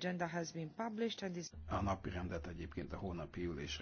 agenda has been published and is... A napi rendet egyébként a hónapi ülésre